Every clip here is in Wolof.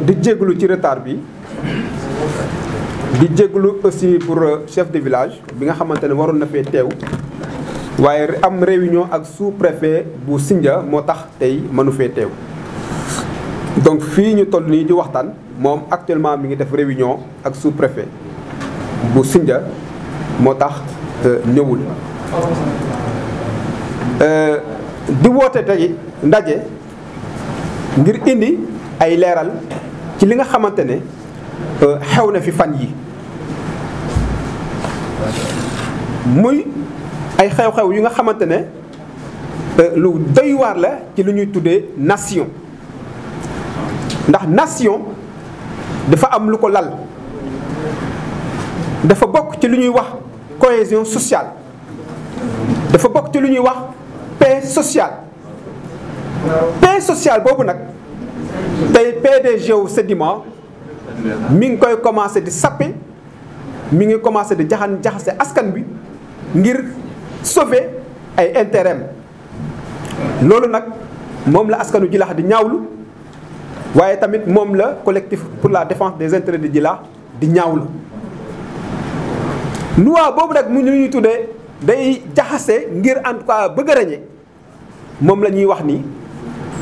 di djeglu ci retard bi di djeglu aussi pour euh, chef de village bi nga xamantene ne na fe tew waye am réunion ak sous-préfet bu sinja motax tay manou fe tew donc fii ñu toll nii di waxtan mom actuellement mi ngi def réunion ak sous-préfet bu Sindia moo euh, ñewul euh di wote tay ndaje ngir indi ay leral ci li nga xamante ne euh, xew na fi fan yi muy ay xew-xew yu nga xamante ne euh, lu doy waar la ci lu ñuy tuddee nation ndax nation dafa am lu ko lal dafa bokk ci lu ñuy wax cohésion sociale dafa bokk ci lu ñuy wax paix sociale paix sociale boobu nag tey PDG wu Sedima mi ngi koy commencé di sappe mi ngi commencé di jaxan jaxase askan bi ngir sauver ay intérêt loolu nag moom la askanu Jilaax di ñaawlu waaye tamit moom la collectif pour la défense des intérêts de Jilaax di ñaawlu loi boobu rek mu ñu ñuy tuddee day jaxase ngir en tout cas bëgg a moom la ñuy wax ni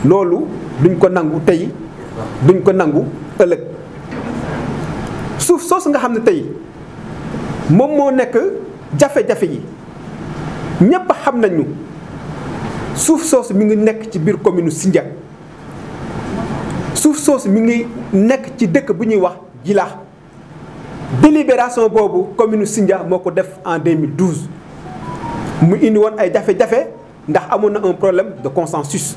loolu duñ ko nangu tey duñ ko nangu ëllëg suuf soosu nga xam ne tey moom moo nekk jafe-jafe yi ñépp xam nañu suuf soosu mi ngi nekk ci biir commune Sindian suuf soosu mi ngi nekk ci dëkk bu ñuy wax Jilaax délibération boobu commune Sindian moo ko def en 2012 mu indi woon ay jafe-jafe ndax amoon na un problème de consensus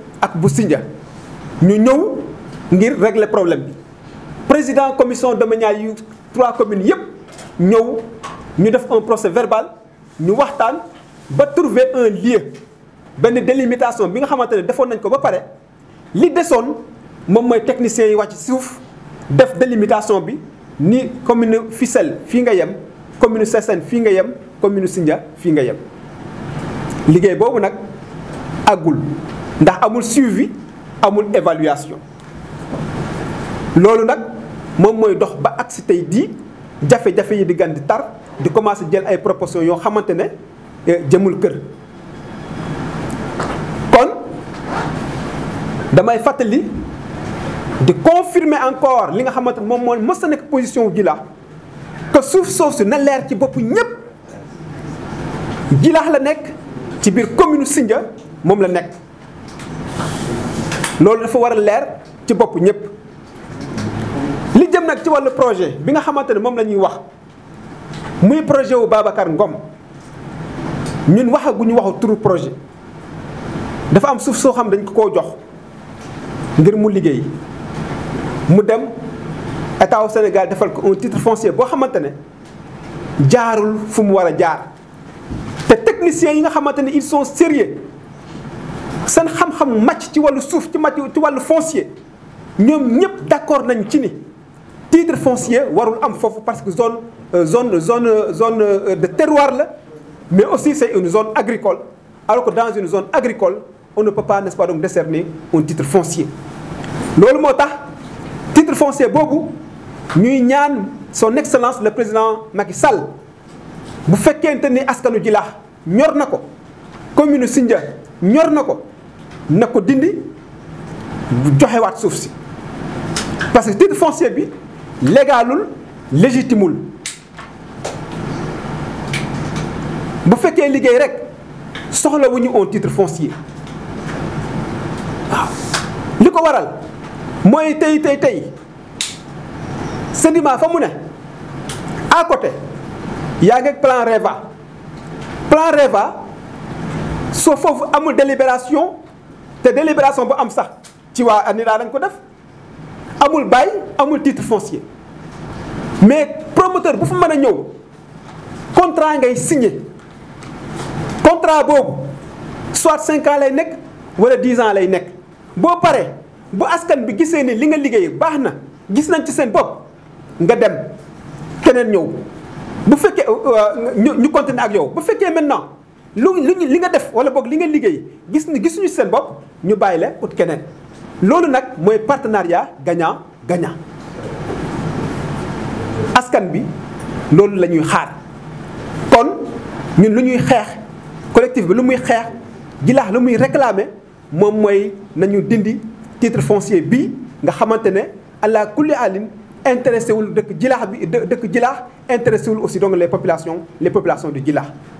ak bu Sindia ñu ñëw ngir régler problème bi président commission domaniale yu trois communes yëpp ñëw ñu def un procès verbal ñu waxtaan ba trouver un lieu benn délimitation bi nga xamante ne defoon nañ ko ba pare li desoon moom mooy techniciens yi wàcc suuf def délimitation bi ni commune Fissel fii nga yem commune Sessène fii nga yem commune Sindia fii nga yem liggéey boobu nag àggul ndax amul suivi amul évaluation loolu nag moom mooy dox ba ak si tey di jafe-jafe yi di gën di tar di commencé jël ay proportions yoo xamante ne eh, jëmul kër kon damay fàttali di confirmer encore li nga xamante ne moom mooy mës na nekk position que suuf soosu na leer ci bopp ñépp Jilaax la nekk ci biir commune Sindia moom la nekk loolu dafa war a leer ci bopp ñëpp li jëm nag ci projet bi nga xamante ne moom wax muy projet wu Babacar Ngom ñun waxaguñu waxu turu projet dafa am suuf soo xam dañ ko koo jox ngir mu mu dem Sénégal defal ko un titre foncier ne jaarul fu mu war jaar te techniciens yi nga ne ils sont sérieux seen xam-xam match ci vois le ci tu ci le foncier ñom ñep d'accord nañ ci ni titre foncier warul am parce que zone euh, zone zone zone euh, de terroir mais aussi c'est une zone agricole alors que dans une zone agricole on ne peut pas n'est-ce pas donc décerner un titre foncier le motax titre foncier bobu ñuy ñaan son excellence le président Macky Sall bu fekkente ni askanu un ñor nako commune Sindia ñor nako na ko dindi joxewaat wat soufsi parce que titre foncier bi légalul légitimul bu fekkee liggéey rek soxlawuñu un titre foncier liko li ko waral mooy tay tey tey ma fa mu à côté yaa ngi ak plan REVA plan REVA sauf foofu amul délibération te délibération bu am sax ci waa tu lañ amul bay amul titre foncier mais promoteur bu fa mën a contrat signé contrat beau soit 5 ans lay wala 10 ans lay nekk beau pareil bu askan bi gisee ni li nga na gis nañ ci seen bopp nga dem euh, euh, maintenant lu li nga def wala bok li nga liggéey gis ni gisuñu seen bopp ñu bàyyi la ut keneen loolu nag mooy partenariat gagnant gagnant askan bi loolu la ñuy xaar kon ñun lu ñuy xeex collectif bi lu muy xeex Jilaax lu muy réclamer moom mooy nañu dindi titre foncier bii nga xamante ne allah kulli alin intéressé wul dëkk Jilaax bi dëkk Jilaax intéressé wul aussi donc les populations les populations du Jilaax